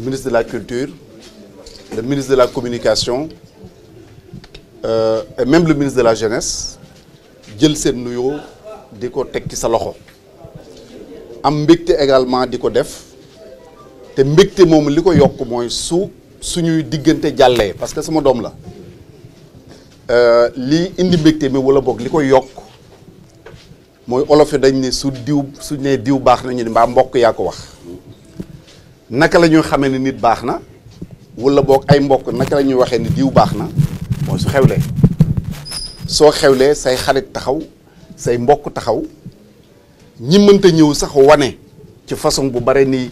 le ministre de la Culture, le ministre de la Communication euh, même le ministre de la Jeunesse jël seen nuyoo di ko teg ci sa loxo am mbégte également di ko def te mbégte moom li ko yokk mooy su suñuy diggante jàllee parce que sama doom la euh, li indi mbégte mi wala boog li ko yokk mooy olof yi dañ ne su diw su ne diw baax nañu ne mbaa mbokk yaa ko wax naka la ñuy xamee nit baax na wala boog ay mbokk naka la ñuy waxee ni diw baax na mooy su xewlee soo xewlee say xarit taxaw say mbokk taxaw ñi mënta ñëw sax wane ci façon bu bare nii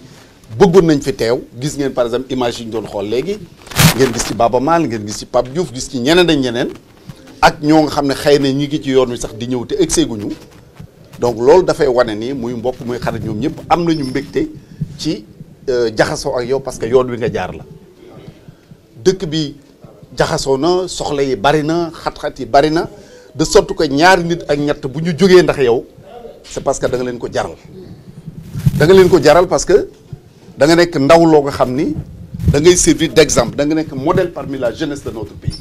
bëggoon nañ fi teew gis ngeen par exemple image yu ñu doon xool léegi ngeen gis ci Baba Maal ngeen gis ci Pape Diouf gis ci ñeneen ak ñeneen ak ñoo nga xam ne xëy na ñi ngi ci yoon wi sax di ñëw te egg guñu donc loolu dafay wane nii muy mbokk muy xarit ñoom ñëpp am nañu mbégte ci. Euh, jaxasoo ak yow parce que yoon wi nga jaar la dëkk bi jaxasoo na soxla yi bari na xat-xat yi bari na de sorte que ñaari nit ak ñett bu ñu jógee ndax yow c'est parce que da nga leen ko jaral da nga leen ko jaral parce que da nga nekk ndaw loo nga xam ni da ngay servir d'exemple da nga nekk modèle parmi la jeunesse de notre pays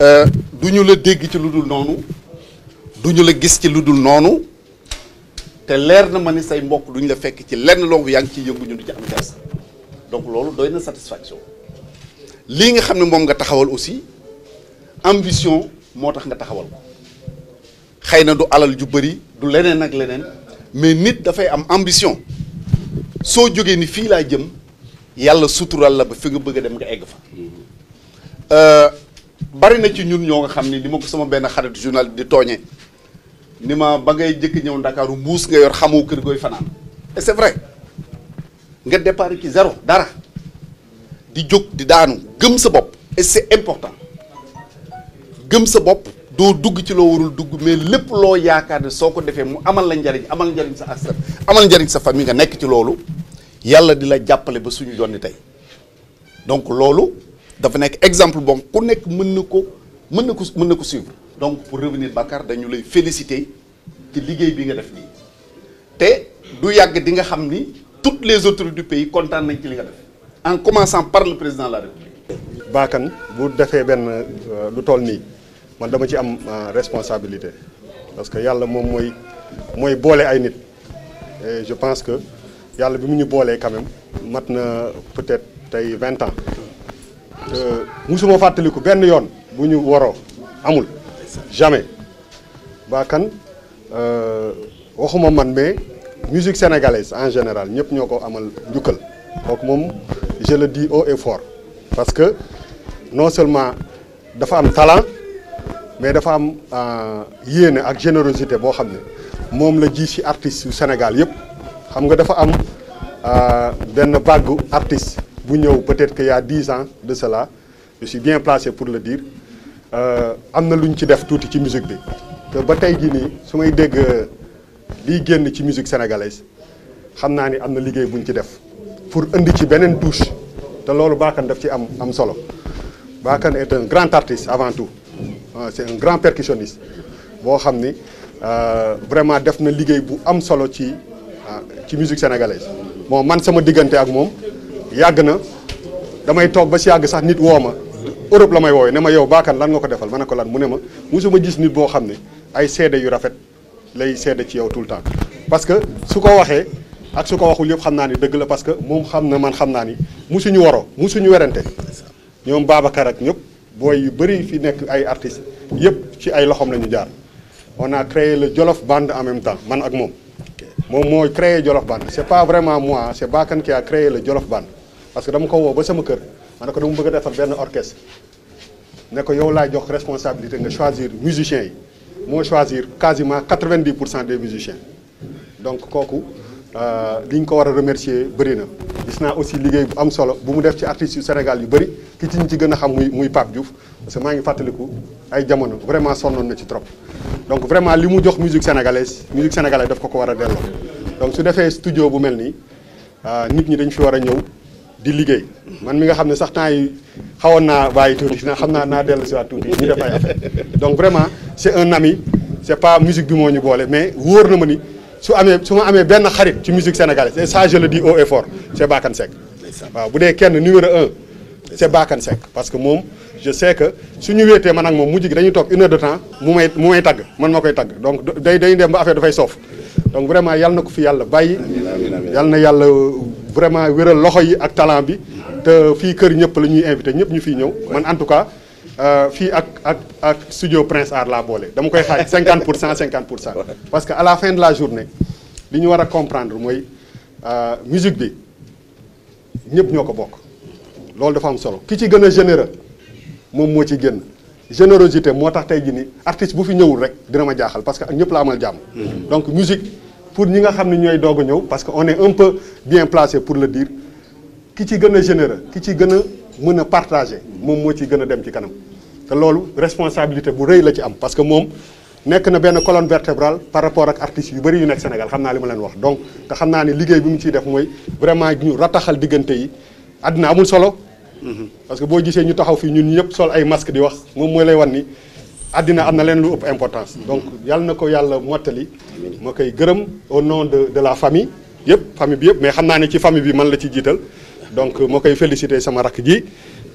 euh, du ñu la dégg ci lu dul noonu du ñu la gis ci lu dul noonu te leer na ma ni say mbokk duñ la fekk ci lenn lonk yaa ngi ciy yëngu ñu du ci am kersa donc loolu doy na satisfaction lii nga xam ne moom nga taxawal aussi ambition moo tax nga taxawal ko xëy na du alal ju bari du leneen ak leneen mais nit dafay am ambition soo jógee ni fii laa jëm yàlla sutural la ba fi nga bëgg a dem nga egg fa mm-hmm. euh, bari na ci ñun ñoo nga xam ni li ma ko sama benn xarit journal di tooñee ni ma ba ngay jëkk ñëw ndakaaru mbuus nga yor xamoo kër gooy fanaan et c'est vrai nga départ ci zéro dara di jóg di daanu gëm sa bopp et c'est important gëm sa bopp doo dugg ci loo warul dugg mais lépp loo yaakaar ne soo ko defee mu amal la njariñ amal njariñ sa askan amal njariñ sa famille nga nekk ci loolu yàlla di la jàppale ba suñu jonni tey donc loolu dafa nekk exemple bon ku nekk mën na ko mën na ko mën na ko suivre donc pour revenir Bakar dañu lay féliciter ci liggéey bi nga def nii te du yàgg di nga xam ni toutes les autorités du pays kontaan nañ ci li nga def en commençant par le président la République. Bakane bu defee benn euh, lu tool nii man dama ci am euh, responsabilité parce que yàlla moom mooy mooy boole ay nit et je pense que yàlla bi mu ñu boolee quand mat na peut-être tey vingt ans euh, musuma fàttaliku benn yoon bu ñu waroo amul. jamais Bah Kane euh, waxuma man mais musique sénégalaise en général ñëpp ñoo ko amal njukkal kooku moom je le di au et fort parce que non seulement dafa am talent mais dafa am euh, yéene ak générosité boo xam ne moom la ji ci artistes Sénégal yëpp xam nga dafa am euh, benn vague artiste bu ñëw peut-être qu'il y a dix ans de cela je suis bien placé pour le dire Euh, am na lu ñu ci def tuuti ci musique bi te ba tey jii nii su may dégg euh, liy génn ci musique sénégalaise xam naa ni am na liggéey bu ñu ci def pour indi ci beneen touche te loolu Bakane def ci am am solo Bakane est un grand artiste avant tout euh, c'est un grand percussionniste boo xam ni vraiment def na liggéey bu am solo ci ci musique sénégalaise bon man sama diggante ak moom yàgg na damay toog ba si yàgg sax nit woo ma Europe la may woowee ne ma yow baakan lan nga ko defal ma ne ko lan mu ne ma musuma gis nit boo xam ne ay seede yu rafet lay seede ci yow tout le temps parce que su ko waxee ak su ko waxul yëpp xam naa ni dëgg la parce que moom xam na man xam naa ni musuñu waroo musuñu werante ñoom Babacar ak ñëpp booy yu bëri fi nekk ay artistes yëpp ci ay loxoom la ñu jaar on a créé le Jolof Band en même temps man ak moom moom moo créé Jolof Band c'est pas vraiment moi c'est Bakane qui a créé le Jolof Band parce que dama ko woo ba sama kër ma ne ko dama bëgg a defar benn orchestre nekk ko yow laay jox responsabilité nga choisir musiciens yi moo choisir quasiment quatre-vingt-dix pour cent des musiciens donc kooku euh, li ñu ko war a remercier bëri na. gis naa aussi liggéey bu am solo bu mu def ci artistes yu Sénégal yu bëri ki ci ñu ci gën a xam muy muy Pape Diouf parce que maa ngi fàttaliku ay jamono vraiment sonnoon na ci trop donc vraiment li mu jox musique sénégalaise musique sénégalaise daf ko ko war a delloo donc su defee studio bu mel nii euh, nit ñi dañ fi war a ñëw. di liggéey man mi nga xam ne sax temps yi xawoon naa bàyyi tuuti na xam naa naa dellu si waat tuuti ñu def ay donc vraiment c' un ami c' est pas musique bi moo ñu boole mais wóor na ma ni su amee su ma amee benn xarit ci musique sénégalaise et ça je le dis haut et fort c' waaw bu dee kenn numéro un c' est Bakane parce que moom je sais que suñu wéetee ma ak moom mujj gi dañuy toog une heure de temps mu may mu may tagg man ma koy tagg donc day dem ba affaire soof donc vraiment na ko fi yàlla bàyyi yàlla na yàlla vraiment wéral loxo yi ak talent bi te fii kër ñëpp la ñuy invité ñëpp ñu fiy ñëw man en tout cas euh, fii ak ak ak studio Prince Art laa boole dama koy xaaj cinquante pour cent cinquante pour cent parce que à la fin de la journée li ñu war a comprendre mooy euh, musique bi ñëpp ñoo ko bokk loolu dafa am solo ki ci gën a généreux moom moo ci génn générosité moo tax tey jii ni artiste bu fi ñëwul rek dina ma jaaxal parce que ak ñëpp la amal jàmm mm-hmm. donc musique pour ñi nga xam ne ñooy doog a ñëw parce que on est un peu bien placé pour le dire ki ci gën a généreux ki ci gën a mën a partagé moom moo ci gën a dem ci kanam te loolu responsabilité bu rëy la ci am parce que moom nekk na benn colonne vertébrale par rapport ak artistes yu bëri yu nekk Sénégal xam naa li ma leen wax donc te xam naa ni liggéey bi mu ciy def mooy vraiment ñu rataxal diggante yi àddina amul solo mm-hmm. parce que boo gisee ñu taxaw fii ñun ñëpp sol ay masque di wax moom mooy lay wan ni àddina am na leen lu ëpp importance donc yàlla na ko yàlla mottali moo koy gërëm au nom de de la famille yëpp famille bi yëpp mais xam naa ne ci famille bi man la ci jiital donc ma koy félicité sama rakk ji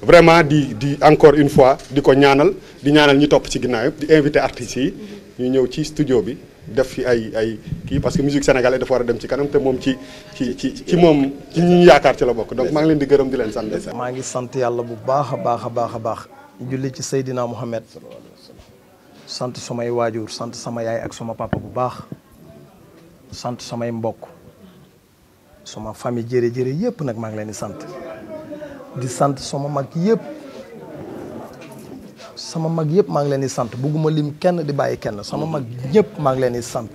vraiment di di encore une fois di ko ñaanal di ñaanal ñu topp ci ginnaaw di invité artistes yi ñu ñëw ci studio bi def fi ay ay kii parce que musique sénégal dafa war a dem ci kanam te moom ci ci ci ci moom ci ñu yaakaar ci la bokk donc maa ngi leen di gërëm di leen sant. maa ngi sant yàlla bu baax a baax a baax a baax julli ci Seydina Mouhamed. sant samay waajur sant sama yaay ak sama papa bu baax sant samay mbokk sama famille jërë-jërë yëpp nag maa ngi leen di sant di sant sama mag yépp sama mag yëpp maa ngi leen di sant bugguma lim kenn di bàyyi kenn sama mag ñëpp maa leen di sant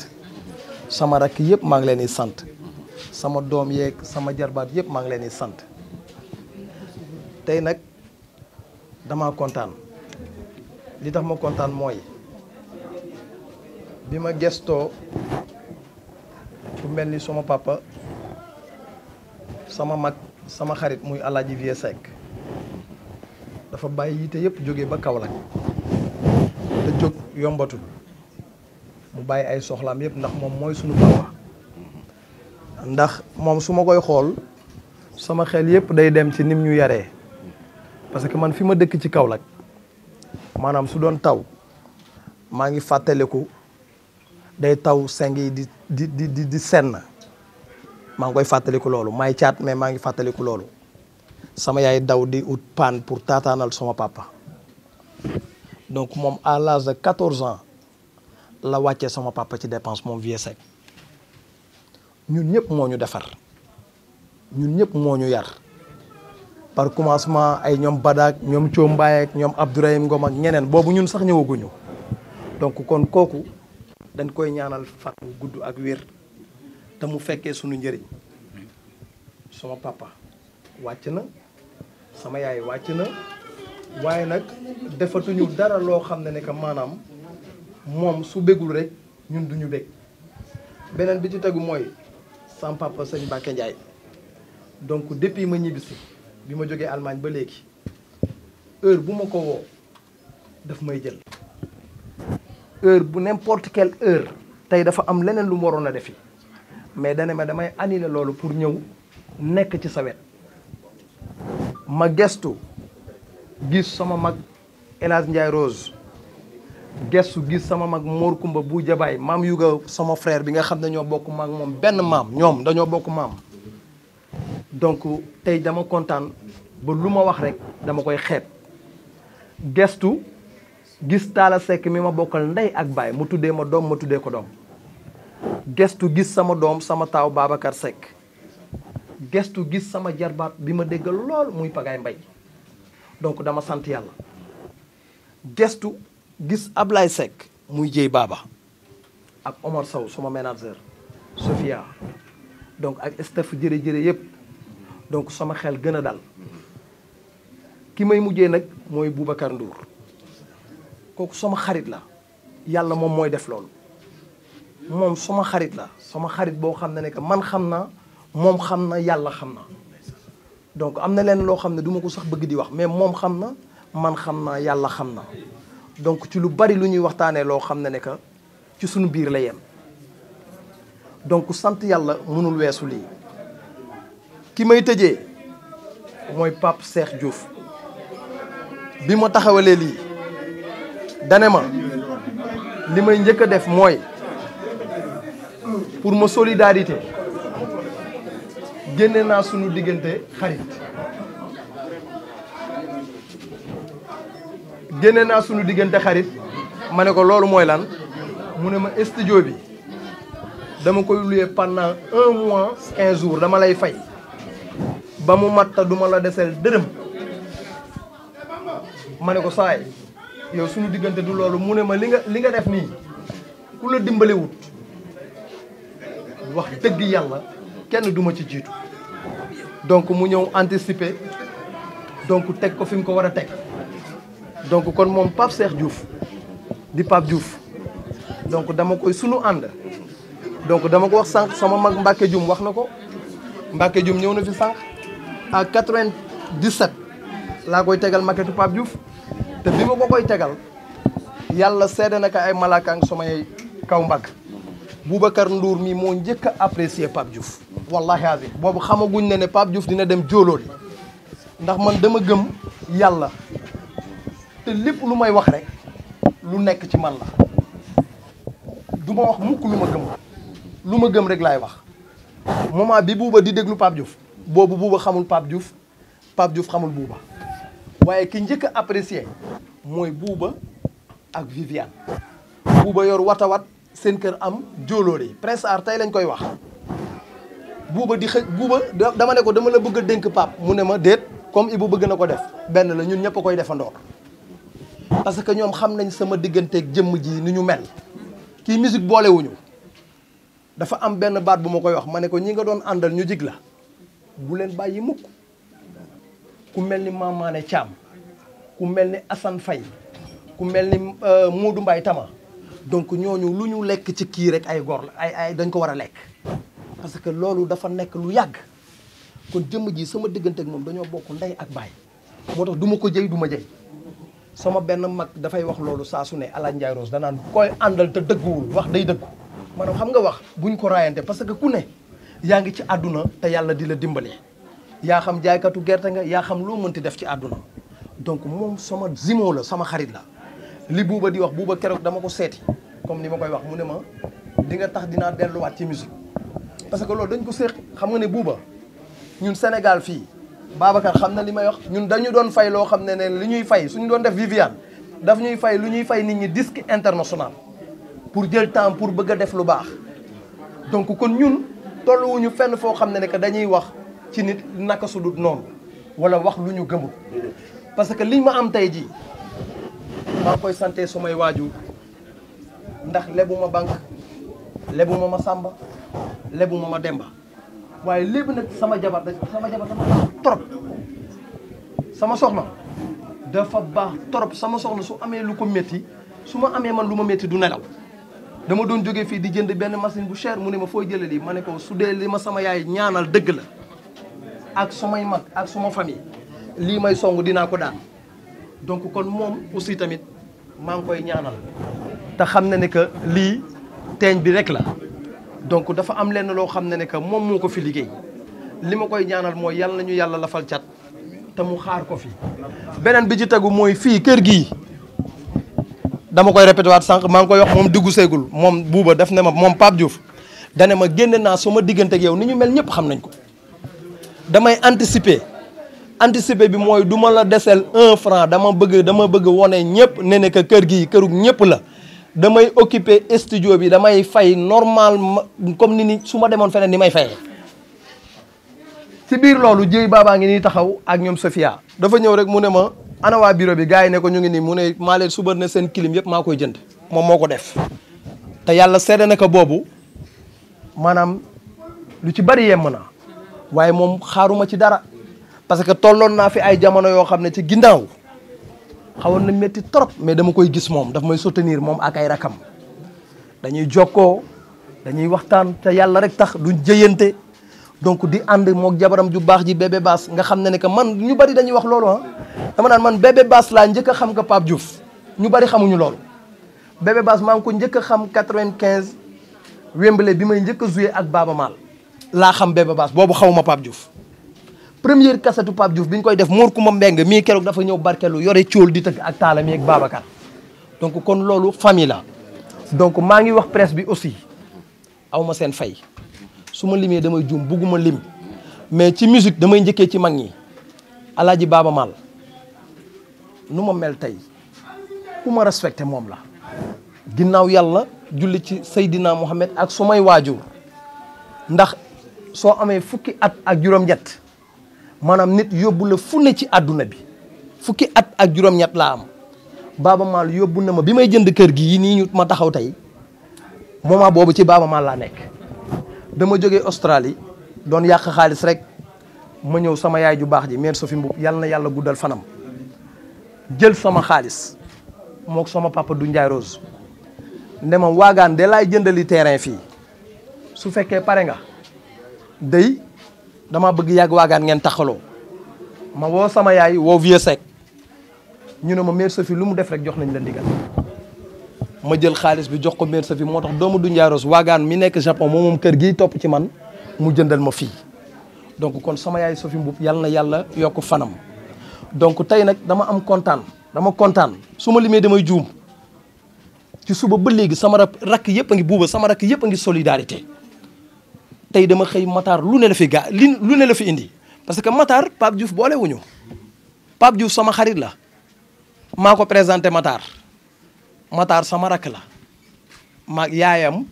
sama rakk yëpp maa ngi leen di sant sama doom yeeg sama jarbaat yëpp maa ngi leen di sant tey nag dama kontaan li tax ma kontaan mooy bi ma gestoo fu mel ni suma papa sama mag sama xarit muy Alaaji Vieux Seck dafa bàyyi yite yëpp jóge ba Kaolack te jóg yombatul mu bàyyi ay soxlaam yëpp ndax moom mooy suñu papa ndax moom su ma koy xool sama xel yëpp day dem ci nim ñu yaree parce que man fi ma dëkk ci Kaolack maanaam su doon taw maa ngi fàttaliku day taw seng yi di di di di di na maa ngi koy fàttaliku loolu maay caat mais maa ngi fàttaliku loolu sama yaay daw di ut paan pour taataanal sama papa donc moom à l'âge de 14 ans la wàcce sama papa ci dépense moom vieux sec ñun ñëpp moo ñu defar ñun ñëpp moo ñu yar par commencement ay ñoom Badak ñoom Thiom Mbaye ak ñoom Abdourahim Ngom ak ñeneen boobu ñun sax ñëwaguñu donc kon kooku. dañ koy ñaanal fan gudd ak wér te mu fekkee sunu njëriñ suma papa wàcc na sama yaay wàcc na waaye nag defatuñu dara loo xam ne ne que maanaam moom su bégul rek ñun duñu bég beneen bi ci tegu mooy sama papa sëñ Mbacke Ndiaye donc depuis ma ñibbisi bi ma jógee Allemagne ba léegi heure bu ma ko woo daf may jël heure bu n'importe quelle heure tey dafa am leneen lu mu waroon a defi mais dana ma damay annuler loolu pour ñëw nekk ci sawet wet ma gestu gis sama mag El Hadj Rose gestu gis sama mag Mor Kumba bu jabaay maam yuga sama frère bi nga xam ne ñoo bokk maag moom benn maam ñoom dañoo bokk maam donc tey dama kontaan ba lu ma wax rek dama koy xeet gestu gis taala sekk mi ma bokkal ndey ak baay mu tuddee ma doom ma tuddee ko doom gestu gis sama doom sama taaw Babacar Seck gestu gis sama jarbaat bi ma déggal lool muy pagaay mbay donc dama sant yàlla gestu gis Ablaye sekk muy jéy baaba ak Omar Sow sama manager Sofia donc ak staff jërë-jërë yépp donc sama xel gën a dal ki may mujjee nag mooy Boubacar Ndour kooku sama xarit la yàlla moom mooy def loolu moom sama xarit la sama xarit boo xam ne ne que man xam na moom xam na yàlla xam na donc am na leen loo xam ne duma ko sax bëgg di wax mais moom xam na man xam naa yàlla xam na donc ci lu bari lu ñuy waxtaanee loo xam ne ne que ci suñu biir la yem donc sant yàlla mënul weesu lii ki may tëjee mooy Pape Cheikh Diouf bi ma taxawalee lii dane ma li may njëkk a def mooy pour ma solidarité génne naa suñu diggante xarit génne naa sunu diggante xarit ma ne ko loolu mooy lan mu ne ma studio bi dama koy loué pendant un mois quinze jours dama lay fay ba mu matta duma la desel dërëm ma ne ko saay yow suñu diggante du loolu mu ne ma li nga li nga def nii ku la dimbalewut wax dëgg yàlla kenn duma ci jiitu donc mu ñëw anticiper donc teg ko fi mu ko war a teg donc kon moom Pape Cheikh Diouf di Pape Diouf donc dama koy sunu ànd donc dama ko wax sànq sama mag Mbacke Dioum wax na ko Mbacke Dioum ñëw na fi sànq à 97 laa koy tegal maquette Pape juuf te bi ma ko koy tegal yàlla seede na ko ay malaakaang samay kaw mbagg kar Ndour mi moo njëkk a apprécier Pape Diouf wallahi azim boobu xamaguñ ne ne Pape Diouf dina dem jóolóoli ndax man dama gëm yàlla te lépp lu may wax rek lu nekk ci man la du ma wax mukk lu ma gëm lu ma gëm rek laay wax moment bi buuba di déglu Pape Diouf boobu buuba xamul Pape Diouf Pape Diouf xamul buuba waaye ki njëkk a mooy buuba ak Viviane Bouba yor watawat seen kër am jóolóor yi Art tey lañ koy wax Bouba di xëj Bouba dama ne ko dama la bëgg a dénk pap mu ne ma déet comme bu bëgg na ko def benn la ñun ñëpp koy defandoor parce que ñoom xam nañ sama digganteeg jëmm ji ni ñu mel kii musique boolewuñu dafa am benn baat bu ma koy wax ma ne ko ñi nga doon àndal ñu jig la bu leen bàyyi mukk ku mel ni Mamane caam ku mel ni Assane Faye ku mel ni euh, Modou Mbaye Tama donc ñooñu lu ñu lekk ci kii rek ay gor la ay ay dañ ko war a lekk parce que loolu dafa nekk lu yàgg kon jëmm ji sama diggante ak moom dañoo bokk ndey ak baay moo tax du ma ko jëy du ma jëy sama benn mag dafay wax loolu saa su ne Alaaji Ndiaye Rose danaan koy àndal te dëgguwul wax day dëggu maanaam xam nga wax buñ ko raayante parce que ku ne yaa ngi ci àdduna te yàlla di la dimbali yaa xam jaaykatu gerte nga yaa xam loo mënti def ci àdduna donc moom sama zimo la sama xarit la li buuba di wax buuba keroog dama ko seeti comme ni ma koy wax mu ne ma di nga tax dinaa delluwaat ci musique parce que loolu dañ ko séq xam nga ne buuba ñun Sénégal fii Babacar xam na li may wax ñun dañu doon fay loo xam ne ne li ñuy fay suñu doon def Viviane dafa ñuy fay lu ñuy fay nit ñi disque international pour jël temps pour bëgg a def lu baax donc kon ñun tolluwuñu fenn foo xam ne ne dañuy wax ci nit naka su dul noonu wala wax lu ñu gëmul parce que liñ ma am tey jii maa koy su may waajur ndax lebuma banque lebuma ma sàmba lebuma ma demba waaye lépp nag sama jabar da sama jabar dafa baax trop sama soxna dafa soxna su amee lu ko métti su ma amee man lu ma metti du nelaw dama doon jóge fii di jënd benn machine bu cher mu ne ma foo jëlee lii ma ne ko su dee li ma sama yaay ñaanal dëgg la ak sumay mag ak suma famille lii may song dinaa ko daan donc kon moom aussi tamit maa ngi koy ñaanal te xam na ne que lii teeñ bi rek la donc dafa am lenn loo xam ne ne que moom moo ko fi liggéey li ma koy ñaanal mooy yàlla nañu yàlla lafal cat te mu xaar ko fi beneen bi ci tegu mooy fii kër gii dama koy répété sanq maa ngi koy wax moom diggu seegul moom buuba def ne ma moom Pape Diouf dane ma génne naa suma diggante ak yow ni ñu mel ñëpp xam nañ ko damay anticiper anticiper bi mooy duma la desel un franc dama bëgg dama bëgg wone ñëpp ne ne que kër gi kërug ñëpp la damay occuper studio bi damay fay normal comme ni nii su ma demoon feneen ni may fayee si biir loolu Dieye Baba ngi nii taxaw ak ñoom Sofia dafa ñëw rek mu ne ma ana waa bureau bi gars yi ne ko ñu ngi nii mu ne maa leen suba ne seen kilim yëpp maa koy jënd moom moo ko def te yàlla seede na ko boobu maanaam lu ci bari yemm na waaye moom xaaruma ci dara parce que tolloon naa fi ay jamono yoo xam ne ci ginnaaw xawoon na métti trop mais dama koy gis moom daf may soutenir moom ak ay rakam dañuy jokkoo dañuy waxtaan te yàlla rek tax du jëyante donc di ànd moog jabaram ju baax ji bébé baas nga xam ne ne que man ñu bari dañuy wax loolu ah dama naan man bébé baas laa njëkk a xam que Pape Diouf ñu bari xamuñu loolu bébé baas maa ngi ko njëkk a xam quinze Wembley bi may njëkk ak Baaba laa xam Bébé Baas boobu xaw ma Pape Diouf première kasetu Pape Diouf bi ñu koy def Mor Kumba Mbeng mii keroog dafa ñëw barkelu yore cóol di tëgg ak taala mi ak Babacar donc kon loolu familia donc maa ngi wax presse bi aussi aw ma seen fay su ma limee damay juum bugguma lim mais ci musique damay njëkkee ci mag ñi alaaji Baaba Maal nu ma mel tey ku ma respecté moom la ginnaaw yàlla julli ci Seydina Mohamed ak su may waajur ndax soo amee fukki at ak juróom-ñett maanaam nit yóbbu la fu ne ci àdduna bi fukki at ak juróom-ñett laa am Baaba Maal yóbbu na ma bi may jënd kër gi yi nii ñu ma taxaw tey moment boobu ci Baaba Maal laa nekk dama jóge Australie doon yàq xaalis rek ma ñëw sama yaay ju baax ji mère Sophie Mboup yàlla na yàlla guddal fanam jël sama xaalis mook sama papa du Ndiaye Rose ne ma waagaan de laay jëndali terrain fii su fekkee pare nga day damaa bëgg yàgg waagaan ngeen taxaloo ma woo sama yaay woo vieux sec ñu ne ma mère Sophie lu mu def rek jox nañ la ndigal ma jël xaalis bi jox ko mère Sophie moo tax doomu du njaaroos waagaan mi nekk Japon moom moom kër gi topp ci man mu jëndal ma fii donc kon sama yaay Sophie Mboup yàlla na yàlla yokk fanam donc tey nag dama am kontaan dama kontaan su ma limee damay juum ci suba ba léegi sama rakk yëpp a ngi buuba sama rakk yëpp a ngi solidarité tey dama xëy Matar lu ne la fi gaa li lu ne la fi indi parce que Matar Pape Diouf boolewuñu Pape Diouf sama xarit la maa ko présenté Matar Matar sama rakk la maag yaayam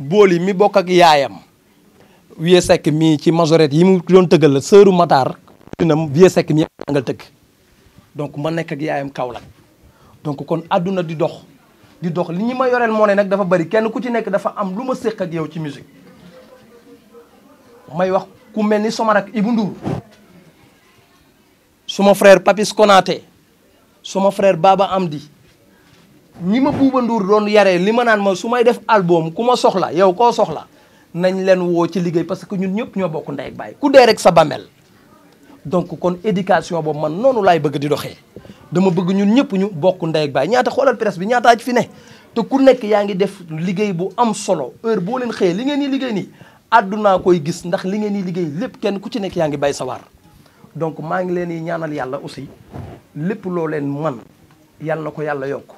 booli mi bokk ak yaayam Vieux sekk mii ci majorette yi mu doon tëggal la sëru Matar nam Vieux Seck mii angal tëgg donc ma nekk ak yaayam Kaolack donc kon àdduna di dox di dox li ñu ma yoreel moo ne nag dafa bari kenn ku ci nekk dafa am lu ma séq ak yow ci musique may wax ku mel ni sama rak Ibou Ndour suma frère Papis su Konaté suma frère am di ñi ma Bouba Ndour doon yaree li ma naan ma su may def album ku ma soxla yow koo soxla nañ leen woo ci liggéey parce que ñun ñëpp ñoo bokk ndey ak baay ku dee rek sa bàmmeel donc kon éducation boobu man noonu laay bëgg di doxee dama bëgg ñun ñëpp ñu bokk ndey ak ñaata xoolal presse bi ñaataa ci fi ne te ku nekk yaa ngi def liggéey bu am solo heure boo leen xëyee li ngeen di liggéey nii àddunaa koy gis ndax li ngeen di liggéey lépp kenn ku ci nekk yaa ngi bay sawar donc maa ngi leen di ñaanal yàlla aussi lépp loo leen man yàlla na ko yàlla yokk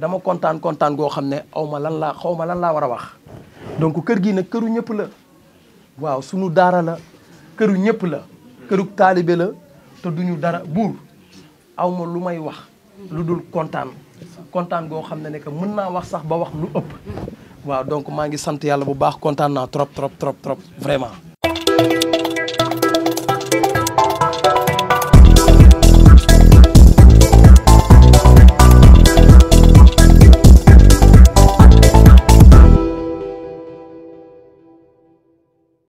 dama kontaan kontaan goo xam ne aw ma lan laa xaw ma lan laa war a wax donc kër gi nag këru ñëpp la waaw sunu daara la këru ñëpp la këru taalibe la te duñu dara buur aw lu may wax lu dul kontaan kontaan goo xam ne ne mën naa wax sax ba wax lu ëpp waaw donc maa ngi sant yàlla bu baax kontaan naa trop trop trop trop vraiment.